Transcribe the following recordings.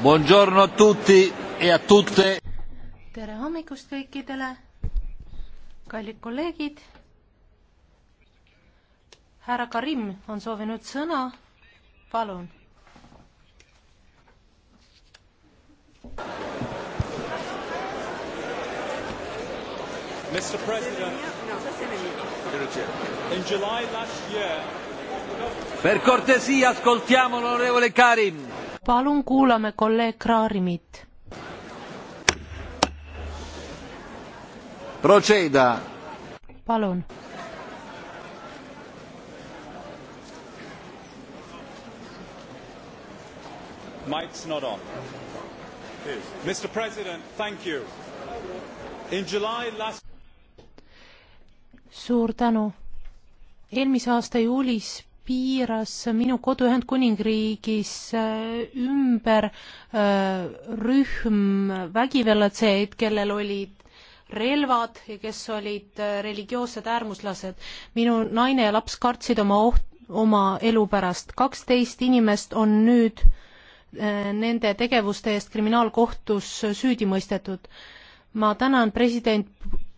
Buongiorno a tutti e a tutte. tere hommikust kõikidele, kallid kolleegid. härra Karim on soovinud sõna, palun. Mr. President, in July last year, Per cortesia, ascoltiamo l'onorevole Karim. palun kuulame kolleeg Krarimit. Proceda. palun. Mike's not on. Mr President, thank you. In July last suur tänu. eelmise aasta juulis piiras minu kodu Ühendkuningriigis äh, ümber äh, rühm vägivallatsejaid, kellel olid relvad ja kes olid äh, religioossed äärmuslased. minu naine ja laps kartsid oma oht, oma elu pärast. kaksteist inimest on nüüd nende tegevuste eest kriminaalkohtus süüdi mõistetud. ma tänan president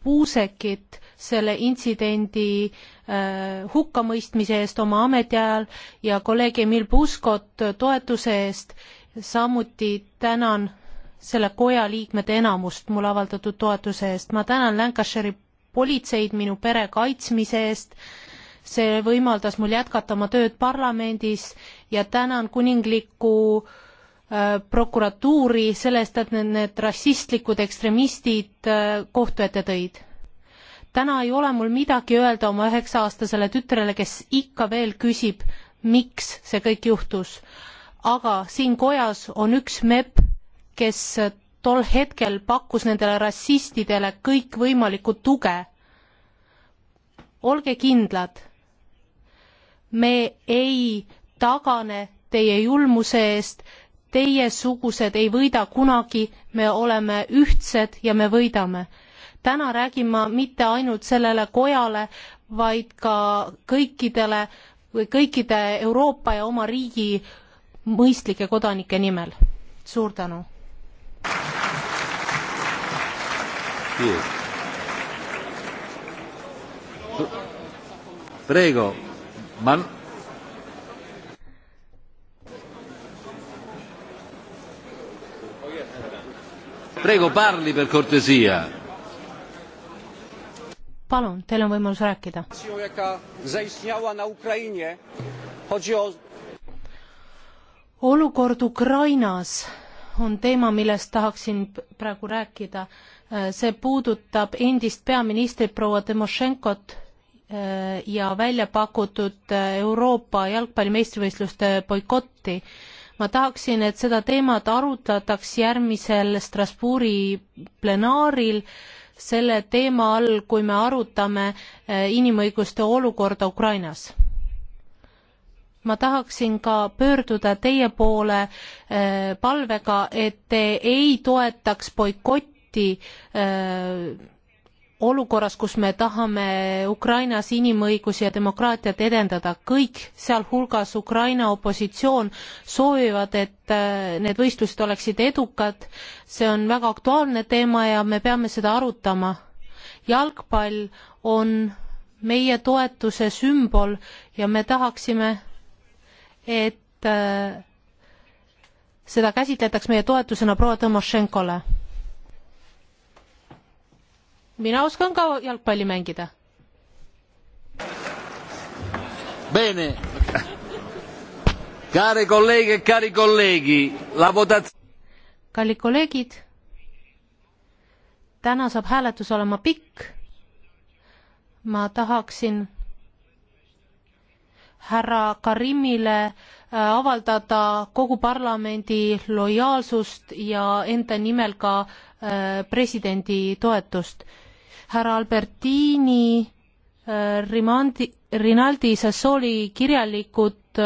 Puusekit selle intsidendi äh, hukkamõistmise eest oma ametiajal ja kolleeg Emil Puskot toetuse eest. samuti tänan selle koja liikmete enamust mulle avaldatud toetuse eest. ma tänan Lancashire'i politseid minu pere kaitsmise eest. see võimaldas mul jätkata oma tööd parlamendis ja tänan kuninglikku äh, Äh, prokuratuuri selle eest, et need, need rassistlikud ekstremistid äh, kohtu ette tõid. täna ei ole mul midagi öelda oma üheksa-aastasele tütrele, kes ikka veel küsib, miks see kõik juhtus. aga siin kojas on üks MEP, kes tol hetkel pakkus nendele rassistidele kõikvõimalikku tuge. olge kindlad, me ei tagane teie julmuse eest teiesugused ei võida kunagi, me oleme ühtsed ja me võidame. täna räägin ma mitte ainult sellele kojale, vaid ka kõikidele või kõikide Euroopa ja oma riigi mõistlike kodanike nimel. suur tänu! Prego, ma Prego, parli per cortesia. palun, teil on võimalus rääkida. olukord Ukrainas on teema, millest tahaksin praegu rääkida. Äh, see puudutab endist peaministrit proua Timošenkot äh, ja välja pakutud äh, Euroopa jalgpalli meistrivõistluste boikotti ma tahaksin, et seda teemat arutataks järgmisel Strasbourgi plenaaril selle teema all, kui me arutame eh, inimõiguste olukorda Ukrainas. ma tahaksin ka pöörduda teie poole eh, palvega, et te ei toetaks boikotti eh, olukorras, kus me tahame Ukrainas inimõigusi ja demokraatiat edendada, kõik, sealhulgas Ukraina opositsioon, soovivad, et äh, need võistlused oleksid edukad. see on väga aktuaalne teema ja me peame seda arutama. jalgpall on meie toetuse sümbol ja me tahaksime, et äh, seda käsitletaks meie toetusena proua Tõmošenkole mina oskan ka jalgpalli mängida. Bene. Care kolleege, cari kolleegi, la votat-. kallid kolleegid, täna saab hääletus olema pikk. ma tahaksin härra Karimile äh, avaldada kogu parlamendi lojaalsust ja enda nimel ka äh, presidendi toetust härra Albertini äh, Rimandi, Rinaldi Sassoli kirjalikud äh,